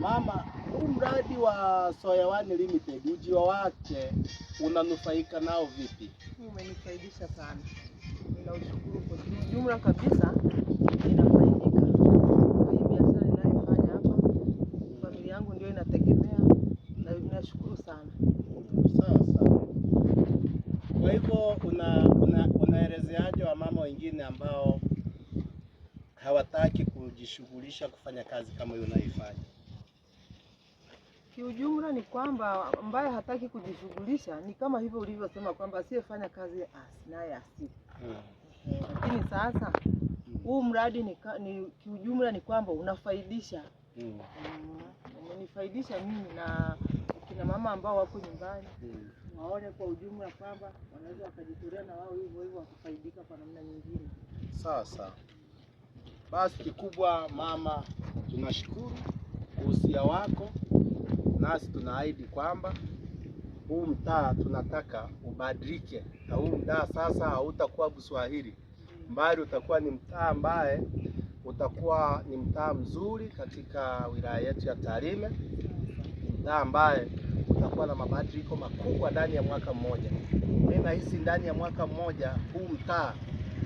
Mama, huu mradi wa Soya One Limited ujio wake unanufaika nao vipi? Umenifaidisha sana, ninaushukuru kwa jumla kabisa, inafaidika hii biashara inayofanya hapa, familia yangu ndio inategemea na ninashukuru sana. Sawa sawa. Kwa hivyo unaelezeaje una, mama wengine ambao hawataki kujishughulisha kufanya kazi kama hiyo unaifanya? Kiujumla ni kwamba ambaye hataki kujishughulisha ni kama hivyo ulivyosema kwamba asiyefanya kazi naye asi, hmm. lakini Sasa hmm. huu mradi ni, ni kiujumla ni kwamba unafaidisha hmm. umenifaidisha hmm. mimi na kina mama ambao wako nyumbani hmm. waone kwa ujumla kwamba wanaweza wakajitolea na wao hivyo hivyo wakufaidika kwa namna nyingine. Sasa basi, kikubwa mama, tunashukuru uhusia wako nasi tunaahidi kwamba huu mtaa tunataka ubadilike, na huu mtaa sasa hautakuwa Buswahili, mbali utakuwa ni mtaa ambaye utakuwa ni mtaa mzuri katika wilaya yetu ya Tarime, mtaa ambaye utakuwa na mabadiliko makubwa ndani ya mwaka mmoja. Mimi nahisi ndani ya mwaka mmoja huu mtaa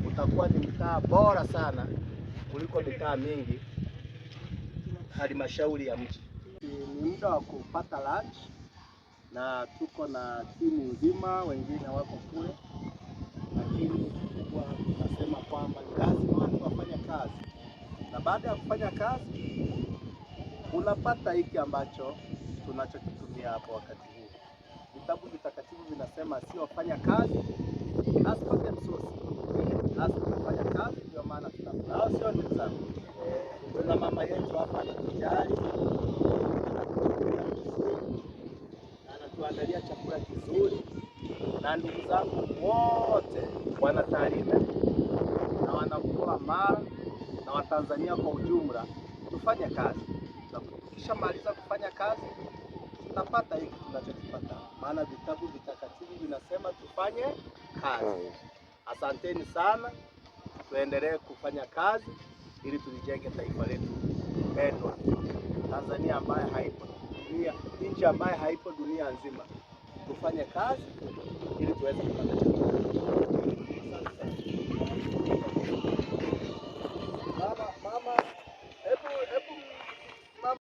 utakuwa ni mtaa bora sana kuliko mitaa mingi halmashauri ya mji ni muda wa kupata lunch, na tuko na timu nzima, wengine wako kule, lakini kwa tunasema kwamba lazima watu wafanye kazi, na baada ya kufanya kazi unapata hiki ambacho tunachokitumia hapo wakati huu. Vitabu vitakatifu vinasema sio fanya kazi hasa kazi, ndio maana tunafurahi, sio ndugu zangu. mama yetu hapa anatujali. kuandalia chakula kizuri, na ndugu zangu wote wana Tarime na wa Mara na Watanzania kwa ujumla, tufanye kazi. Tukishamaliza kufanya kazi, tutapata hiki tunachokipata, maana vitabu vitakatifu vinasema tufanye kazi. Asanteni sana, tuendelee kufanya kazi ili tulijenge taifa letu pendwa Tanzania ambaye haipo nchi ambayo haipo dunia nzima. Tufanye kazi ili tuweze kupata chakula.